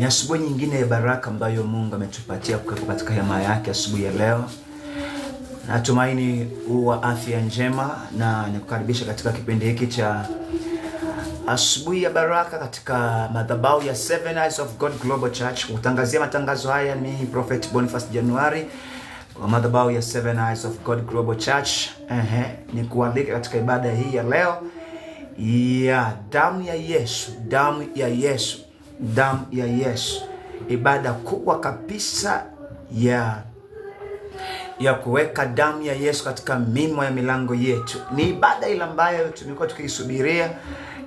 Ni asubuhi nyingine ya baraka ambayo Mungu ametupatia kuwepo katika hema yake asubuhi ya leo. Natumaini uwa afya njema na nikukaribisha katika kipindi hiki cha asubuhi ya baraka katika madhabahu ya Seven Eyes of God Global Church. Kutangazia matangazo haya ni Prophet Boniface Januari wa madhabahu ya Seven Eyes of God Global Church. Ehe, nikualike katika ibada hii ya leo ya damu ya Yesu, damu ya Yesu damu ya Yesu, ibada kubwa kabisa ya ya kuweka damu ya Yesu katika mimo ya milango yetu. Ni ibada ile ambayo tumekuwa tukiisubiria,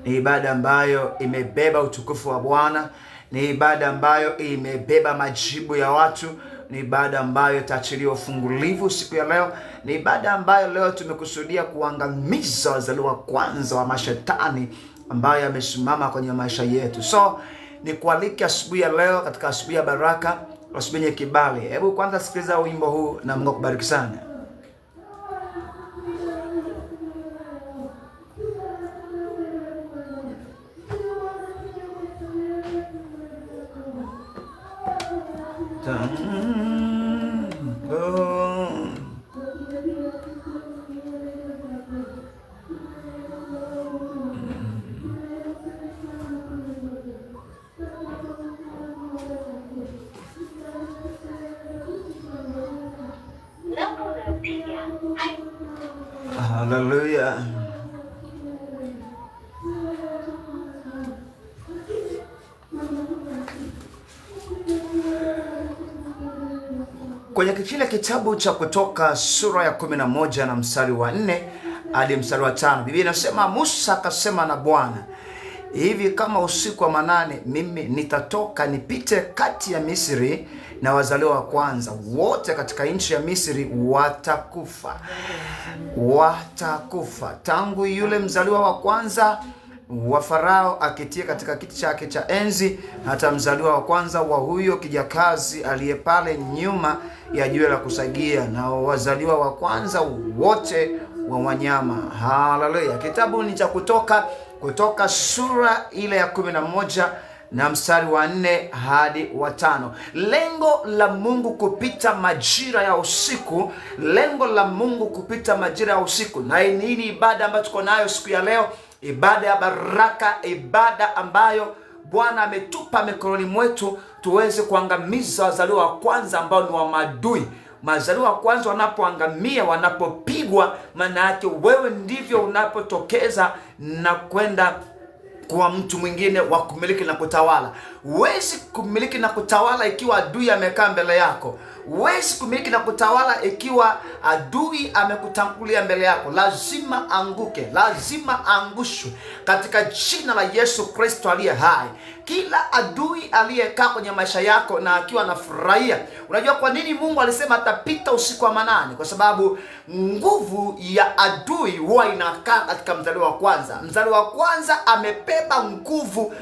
ni ibada ambayo imebeba utukufu wa Bwana, ni ibada ambayo imebeba majibu ya watu ni ibada ambayo itaachilia ufungulivu siku ya leo. Ni ibada ambayo leo tumekusudia kuangamiza wazaliwa kwanza wa mashetani ambayo yamesimama kwenye maisha yetu. So ni kualike asubuhi ya leo katika asubuhi ya baraka, asubuhi yenye kibali. Hebu kwanza sikiliza wimbo huu na Mungu akubariki sana. Kwenye kile kitabu cha Kutoka sura ya 11 na mstari wa 4 hadi mstari wa tano Biblia inasema Musa akasema na Bwana, hivi kama usiku wa manane mimi nitatoka nipite kati ya Misri na wazaliwa wa kwanza wote katika nchi ya Misri watakufa, watakufa tangu yule mzaliwa wa kwanza wa Farao akitia katika kiti chake cha enzi, hata mzaliwa wa kwanza wa huyo kijakazi aliye pale nyuma ya jiwe la kusagia, na wazaliwa wa kwanza wote wa wanyama. Haleluya! Kitabu ni cha Kutoka, Kutoka sura ile ya kumi na moja na mstari wa nne hadi wa tano. Lengo la Mungu kupita majira ya usiku, lengo la Mungu kupita majira ya usiku, na hii ni ibada ambayo tuko nayo siku ya leo ibada ya baraka, ibada ambayo Bwana ametupa mikononi mwetu tuweze kuangamiza wazaliwa wa kwanza ambao ni wa maadui. Wazaliwa wa kwanza wanapoangamia, wanapopigwa, maana yake wewe ndivyo unapotokeza na kwenda kuwa mtu mwingine wa kumiliki na kutawala. Huwezi kumiliki na kutawala ikiwa adui amekaa mbele yako huwezi kumiliki na kutawala ikiwa adui amekutangulia mbele yako. Lazima anguke, lazima angushwe katika jina la Yesu Kristo aliye hai. Kila adui aliyekaa kwenye maisha yako na akiwa anafurahia, unajua kwa nini Mungu alisema atapita usiku wa manane? Kwa sababu nguvu ya adui huwa inakaa katika mzaliwa wa kwanza. Mzaliwa wa kwanza amebeba nguvu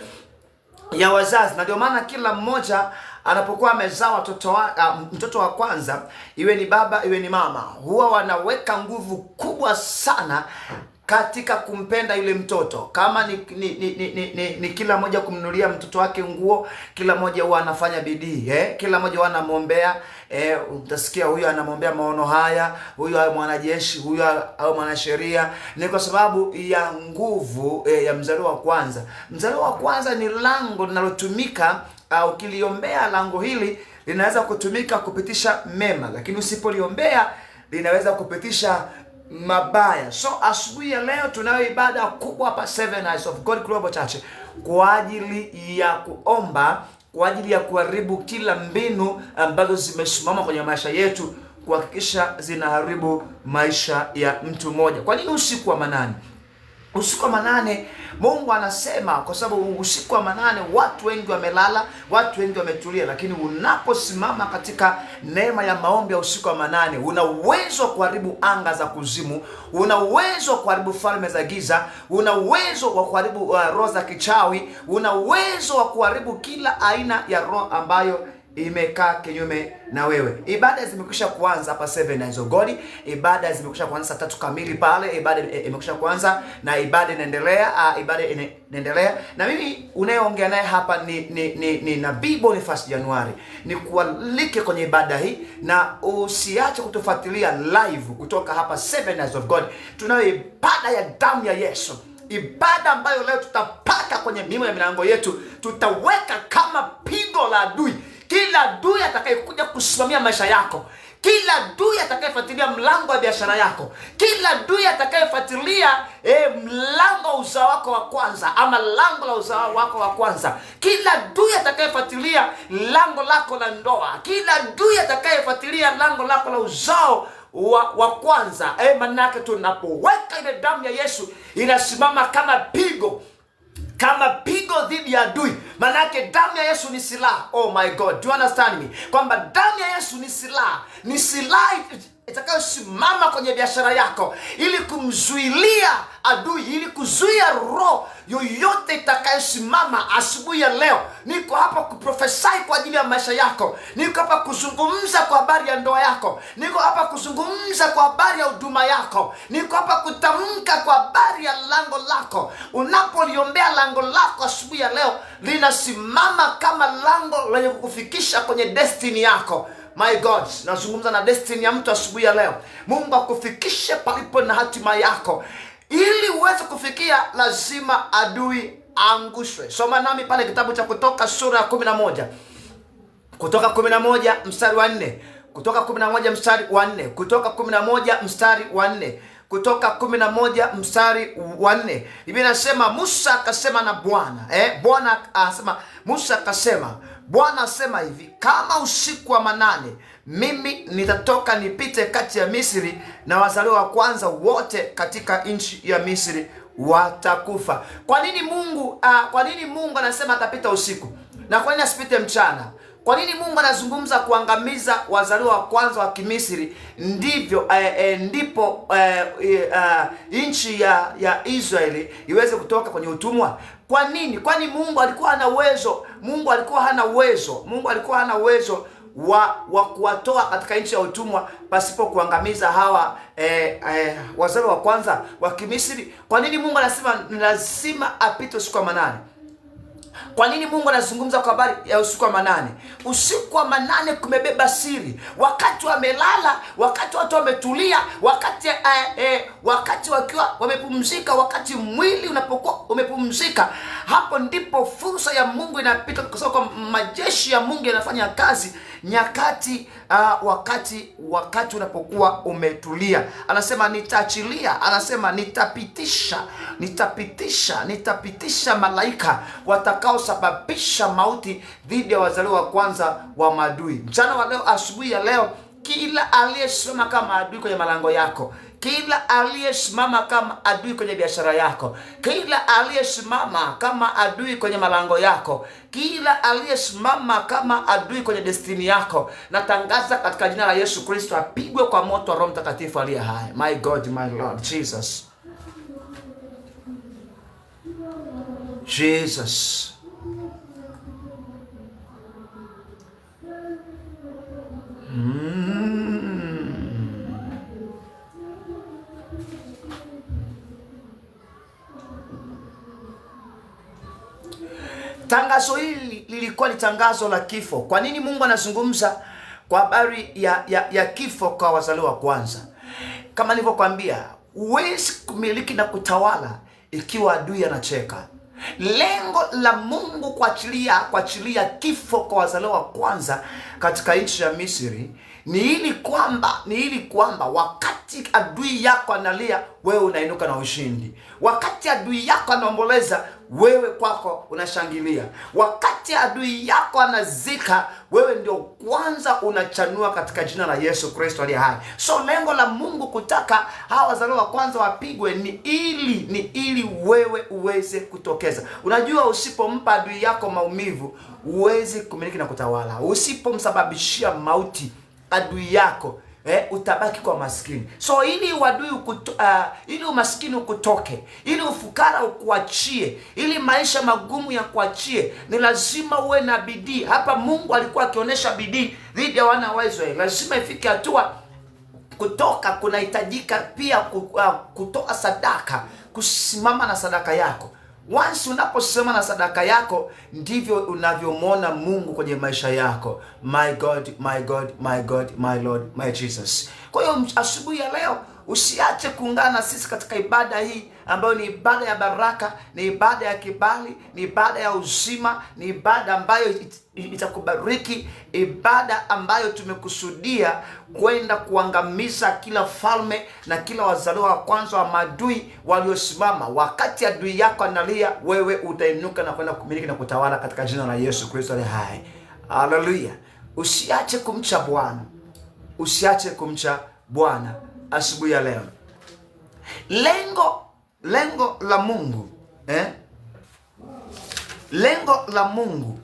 ya wazazi, na ndio maana kila mmoja anapokuwa amezaa watoto wa, uh, mtoto wa kwanza iwe ni baba iwe ni mama, huwa wanaweka nguvu kubwa sana katika kumpenda yule mtoto kama ni ni, ni, ni, ni, ni kila mmoja kumnunulia mtoto wake nguo, kila mmoja huwa anafanya bidii eh? Kila mmoja huwa anamwombea eh, utasikia huyu anamwombea maono haya, huyu awe mwanajeshi, huyu awe mwanasheria. Ni kwa sababu ya nguvu eh, ya mzaliwa wa kwanza. Mzaliwa wa kwanza ni lango linalotumika uh, ukiliombea lango hili linaweza kutumika kupitisha mema, lakini usipoliombea linaweza kupitisha mabaya. So asubuhi ya leo tunayo ibada kubwa hapa Seven Eyes of God Global Church kwa ajili ya kuomba, kwa ajili ya kuharibu kila mbinu ambazo zimesimama kwenye maisha yetu kuhakikisha zinaharibu maisha ya mtu mmoja. Kwa nini usiku wa manane? Usiku wa manane Mungu anasema, kwa sababu usiku wa manane watu wengi wamelala, watu wengi wametulia, lakini unaposimama katika neema ya maombi ya usiku wa manane, una uwezo wa kuharibu anga za kuzimu, una uwezo wa kuharibu falme za giza, una uwezo wa kuharibu uh, roho za kichawi, una uwezo wa kuharibu kila aina ya roho ambayo imekaa kinyume na wewe. Ibada zimekwisha kuanza hapa 7 na hizo godi, Ibada zimekwisha kuanza saa tatu kamili pale, ibada eh, imekwisha kuanza na ibada inaendelea, ah, ibada inaendelea. Na mimi unayeongea naye hapa ni ni, ni, ni Nabii Boniface Januari, ni kualike kwenye ibada hii na usiache kutufuatilia live kutoka hapa 7 Nines of God. Tunayo ibada ya damu ya Yesu ibada ambayo leo tutapaka kwenye mimo ya milango yetu, tutaweka kama pigo la adui kila adui atakayekuja kusimamia maisha yako, kila adui atakayefuatilia mlango wa biashara yako, kila adui atakayefuatilia eh, mlango wa uzao wako wa kwanza ama lango la uzao wako wa kwanza, kila adui atakayefuatilia lango lako la ndoa, kila adui atakayefuatilia lango lako la uzao wa, wa kwanza eh, manake tunapoweka ile damu ya Yesu inasimama kama pigo kama pigo dhidi ya adui, manake damu ya Yesu ni silaha. Oh my God, do you understand me? Kwamba damu ya Yesu ni silaha, ni silaha itakayosimama kwenye biashara yako ili kumzuilia adui, ili kuzuia roho yoyote itakayosimama. Asubuhi ya leo niko hapa kuprofesai kwa ajili ya maisha yako, niko hapa kuzungumza kwa habari ya ndoa yako, niko hapa kuzungumza kwa habari ya huduma yako, niko hapa kutamka kwa habari ya lango lako. Unapoliombea lango lako asubuhi ya leo, linasimama kama lango lenye kukufikisha kwenye destini yako. My God, nazungumza na destiny ya mtu asubuhi ya leo. Mungu akufikishe palipo na hatima yako. Ili uweze kufikia, lazima adui angushwe. Soma nami pale kitabu cha Kutoka sura ya kumi na moja Kutoka kumi na moja mstari wa nne Kutoka kumi na moja mstari wa nne Kutoka kumi na moja mstari wa nne kutoka kumi na moja mstari wa nne Biblia inasema Musa akasema na Bwana eh, Bwana akasema Musa akasema Bwana asema hivi, kama usiku wa manane mimi nitatoka nipite kati ya Misri na wazaliwa wa kwanza wote katika nchi ya Misri watakufa. Kwa nini Mungu uh, kwa nini Mungu anasema atapita usiku na kwa nini asipite mchana? Kwa nini Mungu anazungumza kuangamiza wazaliwa wa kwanza wa Kimisri? Ndivyo eh, eh, ndipo eh, eh, ah, nchi ya ya Israeli iweze kutoka kwenye utumwa. Kwa nini? Kwani Mungu alikuwa hana uwezo? Mungu alikuwa hana uwezo, Mungu alikuwa hana uwezo wa wa kuwatoa katika nchi ya utumwa pasipo kuangamiza hawa eh, eh, wazalo wa kwanza wa Kimisri. Kwa nini Mungu anasema lazima apite usiku wa manane? Kwa nini Mungu anazungumza kwa habari ya usiku wa manane? Usiku wa manane kumebeba siri. Wakati wamelala, wakati watu wametulia, wakati eh, eh, wakati wakiwa wamepumzika, wakati mwili unapokuwa umepumzika, hapo ndipo fursa ya Mungu inapita, kwa sababu majeshi ya Mungu yanafanya kazi nyakati uh, wakati wakati unapokuwa umetulia, anasema nitaachilia, anasema nitapitisha, nitapitisha, nitapitisha malaika watakaosababisha mauti dhidi ya wazaliwa wa kwanza wa maadui. Mchana wa leo, asubuhi ya leo, kila aliyesimama kama adui kwenye malango yako kila aliyesimama kama adui kwenye biashara yako, kila aliyesimama kama adui kwenye malango yako, kila aliyesimama kama adui kwenye destini yako, natangaza katika jina la Yesu Kristo apigwe kwa moto wa Roho Mtakatifu aliye hai. My God, my Lord Jesus, Jesus. Mm. Tangazo hili lilikuwa ni tangazo la kifo. Kwa nini Mungu anazungumza kwa habari ya, ya, ya kifo kwa wazaliwa wa kwanza? Kama nilivyokuambia, huwezi kumiliki na kutawala ikiwa adui anacheka. Lengo la Mungu kuachilia kuachilia kifo kwa wazaliwa wa kwanza katika nchi ya Misri ni ili kwamba ni ili kwamba wakati adui yako analia, wewe unainuka na ushindi. Wakati adui yako anaomboleza wewe kwako unashangilia. Wakati adui yako anazika, wewe ndio kwanza unachanua katika jina la Yesu Kristo aliye hai. So lengo la Mungu kutaka hawa wazaliwa wa kwanza wapigwe ni ili ni ili wewe uweze kutokeza. Unajua, usipompa adui yako maumivu huwezi kumiliki na kutawala. Usipomsababishia mauti adui yako eh, utabaki kwa maskini. So ili wadui ukuto, uh, ili umaskini ukutoke, ili ufukara ukuachie, ili maisha magumu ya kuachie, ni lazima uwe na bidii. Hapa Mungu alikuwa akionyesha bidii dhidi ya wana wa Israeli. Lazima ifike hatua kutoka kunahitajika pia ah, kutoa sadaka, kusimama na sadaka yako. Once unaposema na sadaka yako ndivyo unavyomwona Mungu kwenye maisha yako. My God, my God, my God, my Lord, my Jesus. Kwa hiyo asubuhi ya leo usiache kuungana na sisi katika ibada hii ambayo ni ibada ya baraka, ni ibada ya kibali, ni ibada ya uzima, ni ibada ambayo itakubariki, ibada ambayo tumekusudia kwenda kuangamiza kila falme na kila wazaliwa wa kwanza wa maadui waliosimama. Wakati adui yako analia, wewe utainuka na kwenda kumiliki na kutawala katika jina la Yesu Kristo aliye hai. Haleluya! Usiache kumcha Bwana, usiache kumcha Bwana asubuhi ya leo. Lengo lengo la Mungu eh? lengo la Mungu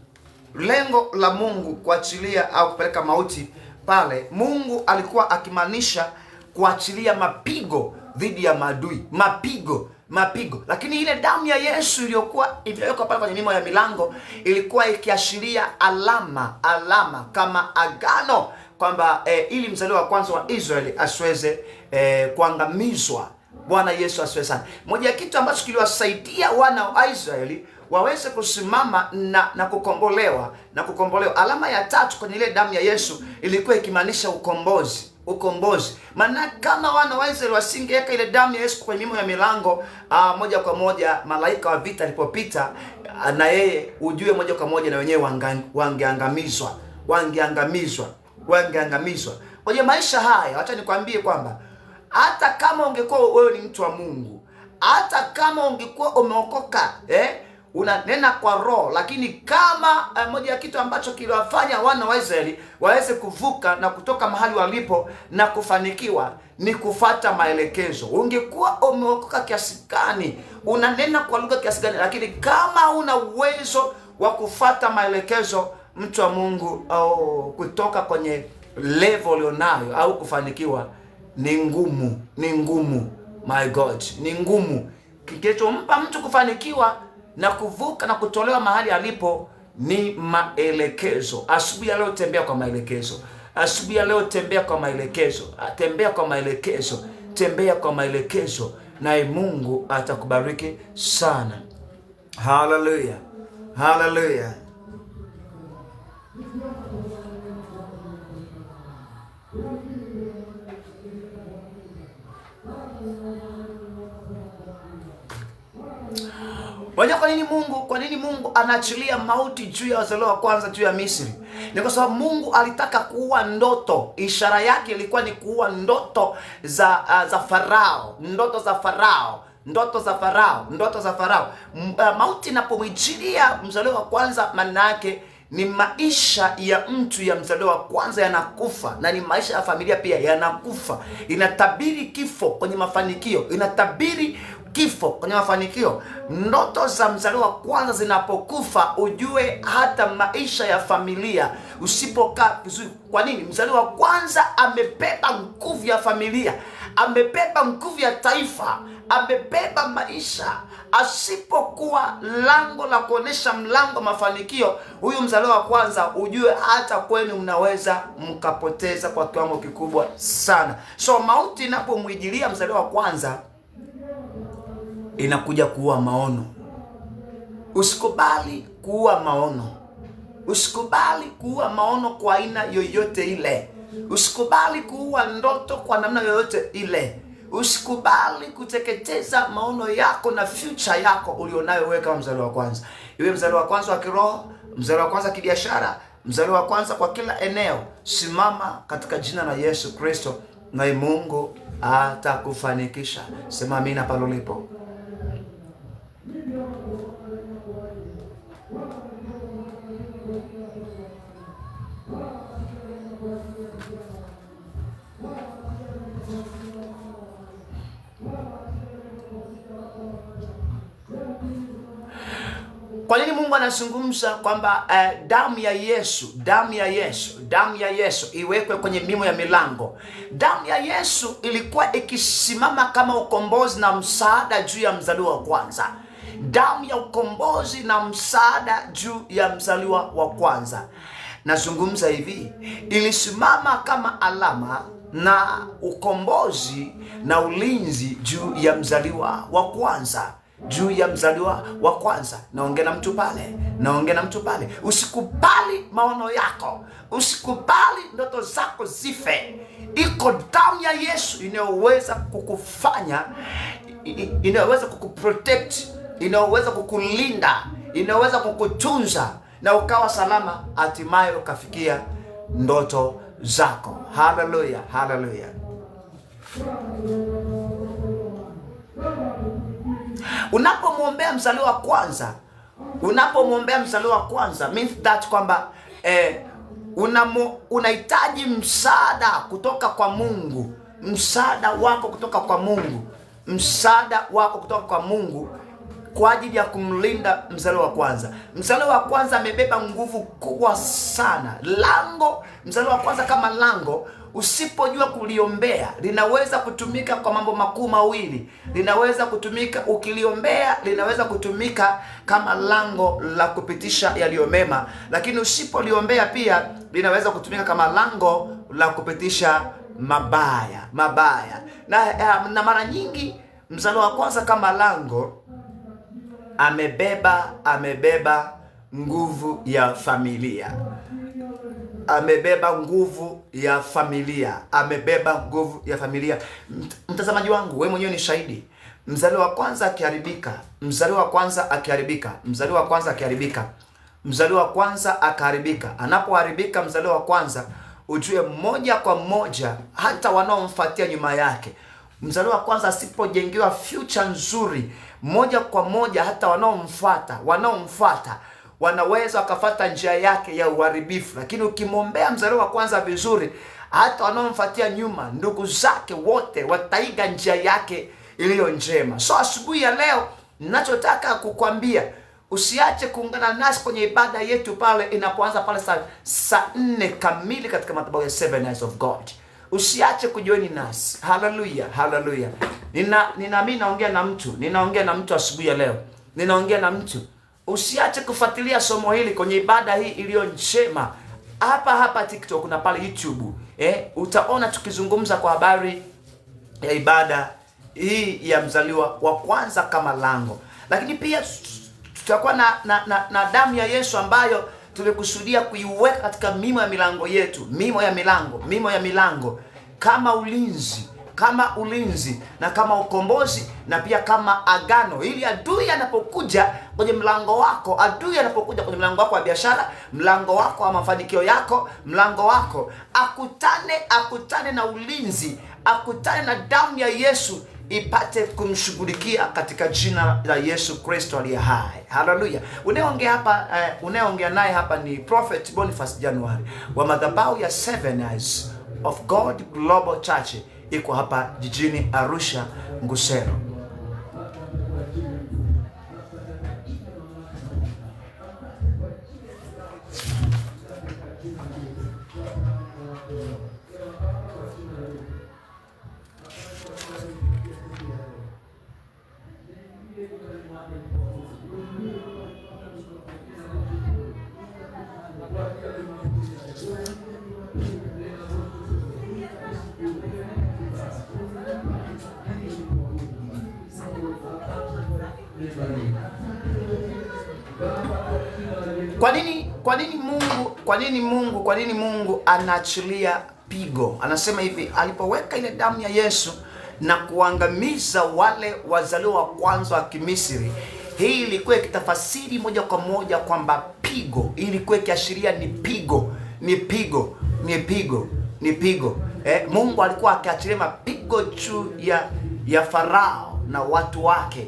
lengo la Mungu kuachilia au kupeleka mauti pale, Mungu alikuwa akimaanisha kuachilia mapigo dhidi ya maadui, mapigo mapigo. Lakini ile damu ya Yesu iliyokuwa imewekwa pale kwenye mimo ya milango ilikuwa ikiashiria alama, alama kama agano kwamba eh, ili mzaliwa wa kwanza wa Israeli asiweze eh, kuangamizwa. Bwana Yesu asiwe sana. Moja ya kitu ambacho kiliwasaidia wana wa Israeli waweze kusimama na na kukombolewa na kukombolewa, alama ya tatu kwenye ile damu ya Yesu ilikuwa ikimaanisha ukombozi ukombozi. Maana kama wana wa Israeli wasingeweka ile damu ya Yesu kwenye mimo ya milango aa, ah, moja kwa moja malaika wa vita alipopita ah, na yeye, ujue moja kwa moja na wenyewe wangeangamizwa wangeangamizwa wangeangamizwa. Kwenye maisha haya, wacha nikwambie kwamba hata kama ungekuwa wewe ni mtu wa Mungu, hata kama ungekuwa umeokoka eh, unanena kwa roho, lakini kama eh, moja ya kitu ambacho kiliwafanya wana wa Israeli waweze kuvuka na kutoka mahali walipo na kufanikiwa ni kufata maelekezo. Ungekuwa umeokoka kiasi gani, unanena kwa lugha kiasi gani, lakini kama una uwezo wa kufata maelekezo mtu wa Mungu au kutoka kwenye level ulionayo au kufanikiwa ni ngumu, ni ngumu. My God, ni ngumu. Kinachompa mtu kufanikiwa na kuvuka na kutolewa mahali alipo ni maelekezo. Asubuhi ya leo tembea kwa maelekezo. Asubuhi ya leo tembea kwa maelekezo, tembea kwa maelekezo, tembea kwa maelekezo, naye Mungu atakubariki sana. Haleluya, haleluya. Wajua kwa nini Mungu kwa nini Mungu anaachilia mauti juu ya wazaliwa wa kwanza juu ya Misri? Ni kwa sababu Mungu alitaka kuua ndoto. Ishara yake ilikuwa ni kuua ndoto za uh, za Farao, ndoto za Farao, ndoto za Farao, ndoto za Farao. Uh, mauti inapomwijilia mzaliwa wa kwanza maana yake ni maisha ya mtu ya mzaliwa wa kwanza yanakufa, na ni maisha ya familia pia yanakufa. Inatabiri kifo kwenye mafanikio, inatabiri kifo kwenye mafanikio. Ndoto za mzaliwa wa kwanza zinapokufa, ujue hata maisha ya familia usipokaa vizuri. Kwa nini? Mzaliwa wa kwanza amebeba nguvu ya familia, amebeba nguvu ya taifa amebeba maisha. Asipokuwa lango la kuonesha mlango mafanikio, huyu mzaliwa wa kwanza, ujue hata kwenu mnaweza mkapoteza kwa kiwango kikubwa sana. So mauti inapomwijilia mzaliwa wa kwanza, inakuja kuua maono. Usikubali kuua maono, usikubali kuua maono kwa aina yoyote ile, usikubali kuua ndoto kwa namna yoyote ile. Usikubali kuteketeza maono yako na future yako ulionayo wewe kama mzaliwa wa kwanza, iwe mzaliwa wa kwanza wa kiroho, mzaliwa wa kwanza kibiashara, mzaliwa wa kwanza kwa kila eneo. Simama katika jina la Yesu Kristo, naye Mungu atakufanikisha. Sema amina pale ulipo. Kwa nini Mungu anazungumza kwamba eh, damu ya Yesu, damu ya Yesu, damu ya Yesu iwekwe kwenye mimo ya milango? Damu ya Yesu ilikuwa ikisimama kama ukombozi na msaada juu ya mzaliwa wa kwanza. Damu ya ukombozi na msaada juu ya mzaliwa wa kwanza. Nazungumza hivi, ilisimama kama alama na ukombozi na ulinzi juu ya mzaliwa wa kwanza juu ya mzaliwa wa kwanza. Naongea na mtu pale, naongea na mtu pale. Usikubali maono yako, usikubali ndoto zako zife. Iko damu ya Yesu inayoweza kukufanya, inayoweza kukuprotect, inayoweza kukulinda, inayoweza kukutunza na ukawa salama, hatimaye ukafikia ndoto zako. Haleluya, haleluya. Unapomwombea mzaliwa wa kwanza, unapomwombea mzaliwa wa kwanza means that kwamba eh, unahitaji msaada kutoka kwa Mungu, msaada wako kutoka kwa Mungu, msaada wako kutoka kwa Mungu kwa ajili ya kumlinda mzaliwa wa kwanza. Mzaliwa wa kwanza amebeba nguvu kubwa sana, lango mzaliwa wa kwanza kama lango usipojua kuliombea, linaweza kutumika kwa mambo makuu mawili. Linaweza kutumika ukiliombea, linaweza kutumika kama lango la kupitisha yaliyo mema, lakini usipoliombea pia linaweza kutumika kama lango la kupitisha mabaya mabaya. Na, eh, na mara nyingi mzalo wa kwanza kama lango amebeba amebeba nguvu ya familia amebeba nguvu ya familia, amebeba nguvu ya familia. Mtazamaji wangu, wewe mwenyewe ni shahidi. Mzaliwa wa kwanza akiharibika, mzaliwa wa kwanza akiharibika, mzaliwa wa kwanza akiharibika, mzaliwa wa kwanza akaharibika. Anapoharibika mzaliwa wa kwanza, ujue moja kwa moja hata wanaomfuatia nyuma yake mzaliwa wa kwanza asipojengewa future nzuri, moja kwa moja hata wanaomfuata wanaomfuata wanaweza wakafata njia yake ya uharibifu, lakini ukimwombea mzaliwa wa kwanza vizuri, hata wanaomfuatia nyuma, ndugu zake wote wataiga njia yake iliyo njema. So asubuhi ya leo ninachotaka kukwambia usiache kuungana nasi kwenye ibada yetu pale inapoanza pale saa sa nne kamili katika madhabahu ya Seven Eyes of God. Usiache kujoini nasi. Haleluya, haleluya. Nina ninaamini naongea na mtu, ninaongea na mtu asubuhi ya leo, ninaongea na mtu Usiache kufuatilia somo hili kwenye ibada hii iliyo njema hapa hapa TikTok na pale YouTube. Eh, utaona tukizungumza kwa habari ya ibada hii ya mzaliwa wa kwanza kama lango, lakini pia tutakuwa na, na, na, na damu ya Yesu ambayo tumekusudia kuiweka katika mimo ya milango yetu, mimo ya milango, mimo ya milango kama ulinzi kama ulinzi na kama ukombozi na pia kama agano, ili adui anapokuja kwenye mlango wako, adui anapokuja kwenye mlango wako wa biashara, mlango wako wa mafanikio yako, mlango wako, akutane akutane na ulinzi, akutane na damu ya Yesu ipate kumshughulikia katika jina la Yesu Kristo aliye hai. Haleluya. Unayeongea hapa uh, unayeongea naye hapa ni Prophet Boniface January wa madhabahu ya Seven Eyes of God Global Church iko hapa jijini Arusha Ngusero. Kwa nini kwa nini Mungu kwa nini Mungu kwa nini Mungu anaachilia pigo? Anasema hivi, alipoweka ile damu ya Yesu na kuangamiza wale wazaliwa wa kwanza wa Kimisri, hii ilikuwa ikitafasiri moja kwa moja kwamba pigo, hii ilikuwa ikiashiria ni pigo, ni pigo, ni pigo, ni pigo. Eh, Mungu alikuwa akiachilia mapigo juu ya ya Farao na watu wake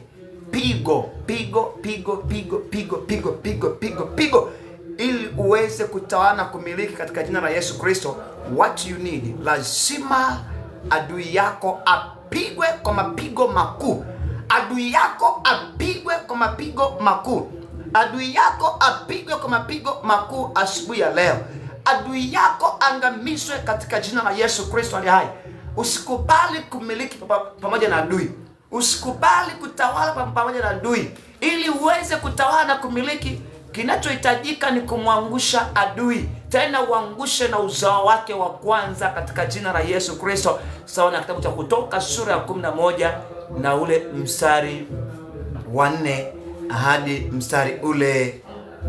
pigo pigo pigo pigo pigo pigo pigo pigo pigo ili uweze kutawala kumiliki katika jina la Yesu Kristo. What you need, lazima adui yako apigwe kwa mapigo makuu. Adui yako apigwe kwa mapigo makuu. Adui yako apigwe kwa mapigo makuu asubuhi ya leo. Adui yako angamizwe katika jina la Yesu Kristo aliye hai. Usikubali kumiliki pamoja na adui. Usikubali kutawala pamoja na adui. Ili uweze kutawala na kumiliki, kinachohitajika ni kumwangusha adui, tena uangushe na uzao wake wa kwanza, katika jina la Yesu Kristo, sawa na kitabu cha Kutoka sura ya 11 na ule mstari wa nne hadi mstari ule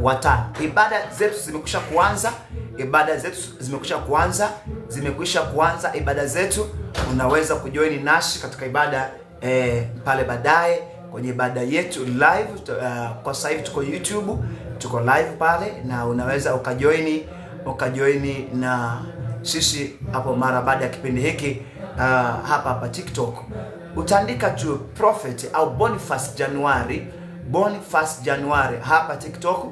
wa tano. Ibada zetu zimekwisha kuanza, ibada zetu zimekwisha kuanza, zimekwisha kuanza ibada zetu. Unaweza kujoini nasi katika ibada eh, pale baadaye kwenye baada yetu live. Uh, kwa sasa hivi tuko YouTube, tuko live pale na unaweza ukajoini ukajoini na sisi hapo mara baada ya kipindi hiki uh, hapa hapa TikTok utaandika tu Prophet au Boniface January, Boniface January hapa TikTok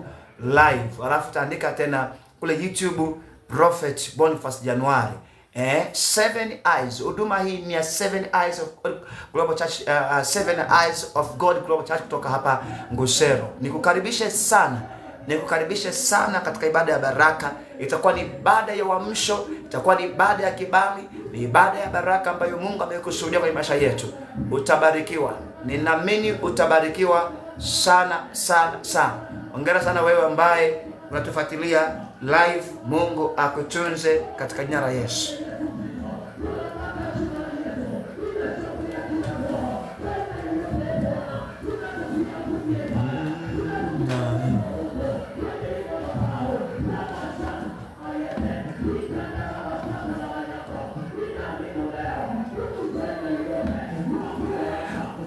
live, alafu utaandika tena kule YouTube Prophet Boniface January Eh, seven eyes. Huduma hii ni ya seven eyes of God Global Church, uh, uh, seven eyes of God Global Church kutoka hapa Ngusero. Nikukaribishe sana. Nikukaribishe sana katika ibada ya baraka. Itakuwa ni ibada ya uamsho, itakuwa ni ibada ya kibali, ni ibada ya baraka ambayo Mungu amekusudia kwenye maisha yetu. Utabarikiwa. Ninaamini utabarikiwa sana sana sana. Hongera sana wewe ambaye unatufuatilia live. Mungu akutunze katika jina la Yesu.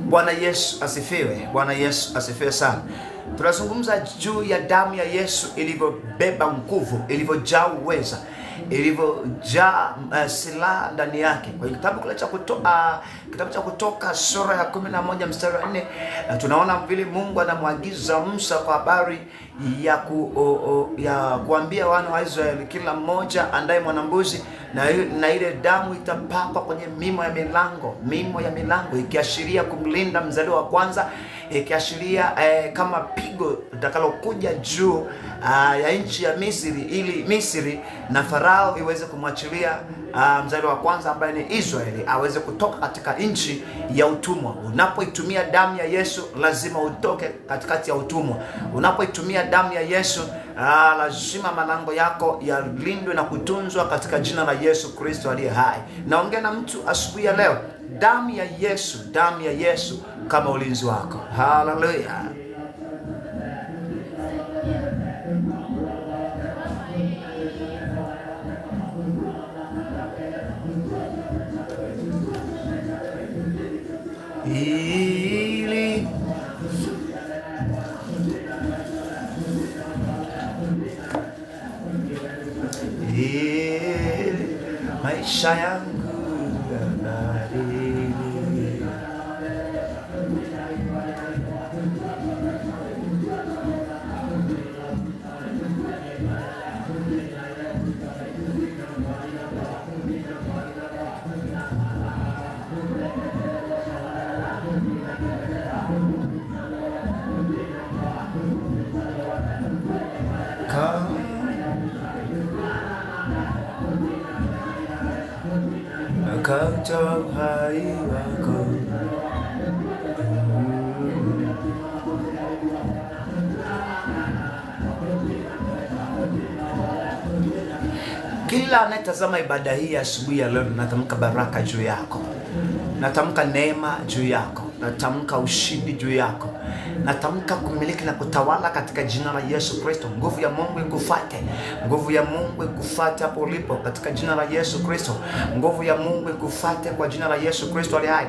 Bwana Yesu asifiwe. Bwana Yesu asifiwe sana tunazungumza juu ya damu ya Yesu ilivyobeba nguvu, ilivyojaa uweza, ilivyojaa uh, silaha ndani yake. Kwa kitabu kile cha kutoka uh, kitabu cha Kutoka sura ya 11 mstari wa 4 uh, eh, tunaona vile Mungu anamwagiza Musa kwa habari ya, ku, uh, uh, ya kuambia wana wa Israeli, kila mmoja andaye mwanambuzi na, na ile damu itapakwa kwenye mimo ya milango, mimo ya milango ikiashiria kumlinda mzaliwa wa kwanza, ikiashiria eh, kama pigo litakalokuja juu uh, ya nchi ya Misri ili Misri na Farao iweze kumwachilia uh, mzaliwa wa kwanza ambaye ni Israeli aweze kutoka katika nchi ya utumwa. Unapoitumia damu ya Yesu lazima utoke katikati ya utumwa. Unapoitumia damu ya Yesu Ah, lazima malango yako yalindwe na kutunzwa katika jina la Yesu Kristo aliye hai. Naongea na mtu asubuhi ya leo, damu ya Yesu, damu ya Yesu kama ulinzi wako. Haleluya. am. 정하이하고 kila anayetazama ibada hii asubuhi ya leo, natamka baraka juu yako, natamka neema juu yako, natamka ushindi juu yako Natamka kumiliki na kutawala katika jina la Yesu Kristo. Nguvu ya Mungu ikufuate, nguvu ya Mungu ikufuate hapo ulipo katika jina la Yesu Kristo. Nguvu ya Mungu ikufuate kwa jina la Yesu Kristo ali hai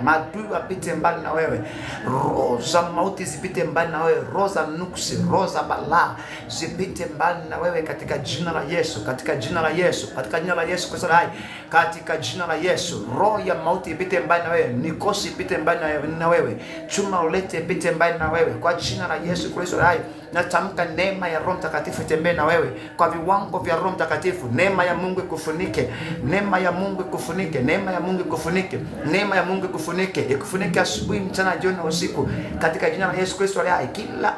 adui apite mbali na wewe, roho za mauti zipite mbali na wewe, roho za nuksi, roho za balaa zipite mbali na wewe katika jina la Yesu, katika jina la Yesu, katika jina la Yesu Kristo hai, katika jina la Yesu. Roho ya mauti ipite mbali na wewe, nikosi ipite mbali na wewe, chuma ulete ipite mbali na wewe, kwa jina la Yesu Kristo hai. Natamka neema ya Roho Mtakatifu itembee na wewe kwa viwango vya Roho Mtakatifu. Neema ya Mungu ikufunike, neema ya Mungu ikufunike, neema ya Mungu ikufunike, neema ya Mungu ikufunike, ikufunike asubuhi, mchana, jioni na usiku, katika jina la Yesu Kristo aliye hai. Kila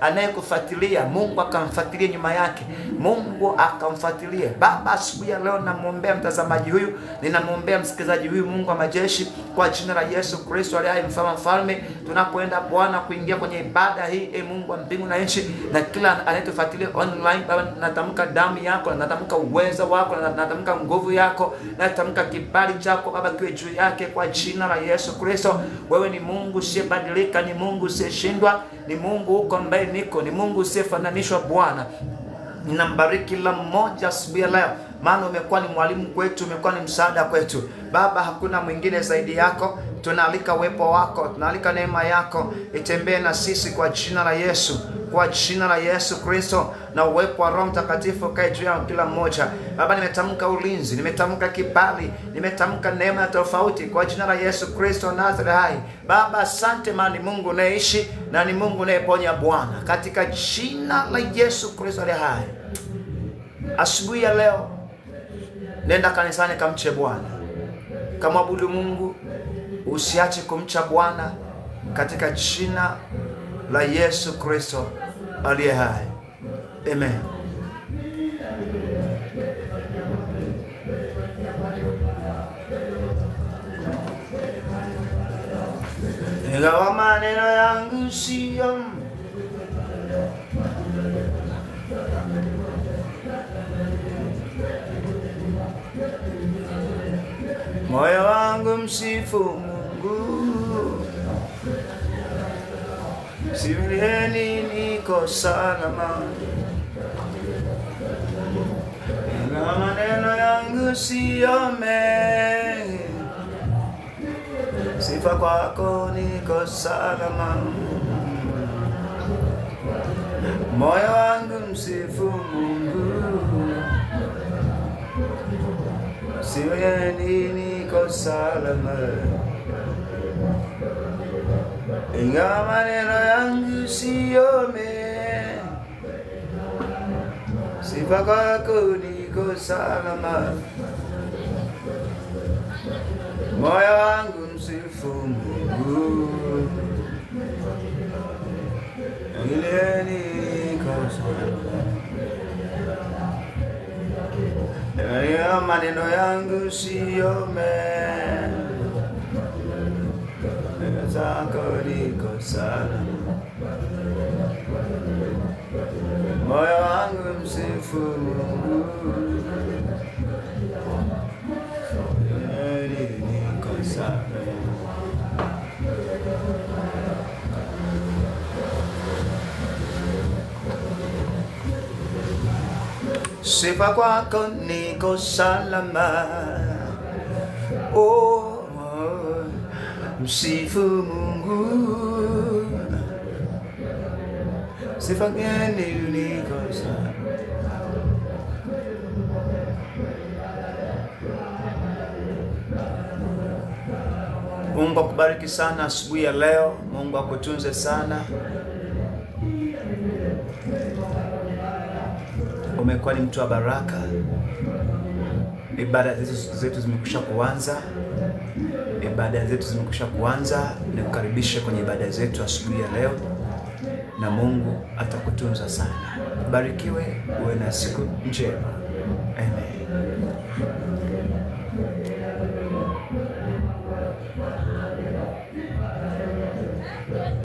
anayekufuatilia Mungu akamfuatilie nyuma yake, Mungu akamfuatilie. Baba, asubuhi ya leo namwombea mtazamaji huyu, ninamwombea msikilizaji huyu, Mungu wa majeshi, kwa jina la Yesu Kristo aliye hai, mfalme mfalme, tunapoenda Bwana kuingia kwenye ibada hii e Mungu wa mbingu na nchi, na kila anayetufuatilia online Baba, natamka damu yako, natamka uwezo wako, natamka nguvu yako, natamka kibali chako Baba kiwe juu yake kwa jina la Yesu Kristo. Wewe ni Mungu usiyebadilika, ni Mungu usiyeshindwa, ni Mungu huko ambaye niko, ni Mungu usiyefananishwa. Bwana, ninambariki kila mmoja asubuhi ya leo, maana umekuwa ni mwalimu kwetu, umekuwa ni msaada kwetu. Baba, hakuna mwingine zaidi yako. Tunaalika uwepo wako, tunaalika neema yako itembee na sisi kwa jina la Yesu, kwa jina la Yesu Kristo, na uwepo wa Roho Mtakatifu kae juu ya kila mmoja. Baba, nimetamka ulinzi, nimetamka kibali, nimetamka neema ya tofauti kwa jina la Yesu Kristo Nazareti hai. Baba, asante, maana ni Mungu unayeishi na ni Mungu unayeponya Bwana, katika jina la Yesu Kristo aliye hai. Asubuhi ya leo nenda kanisani, kamche Bwana kamwabudu Mungu, usiache kumcha Bwana katika jina la Yesu Kristo aliye hai. Amen. Ingawa maneno yangu si kimbilieni, niko salama, na maneno yangu siyame sifa kwako, niko salama, moyo wangu msifu Mungu, kimbilieni, niko salama ingawa maneno yangu siyome, sifa kwako niko salama, moyo wangu msifu Mungu ile ingawa maneno yangu siyome, sifa kwako sana moyo wangu msifu Mungu niko sana sifa kwako niko salama oh Msifu Mungu. Sifa gani ulikosa? Mungu akubariki sana asubuhi ya leo. Mungu akutunze sana. Umekuwa ni mtu wa baraka. Ibada zetu zimekwisha kuanza. Ibada zetu zimekwisha kuanza, Nikukaribishe kwenye ibada zetu asubuhi ya leo, na Mungu atakutunza sana. Barikiwe, uwe na siku njema. Amen.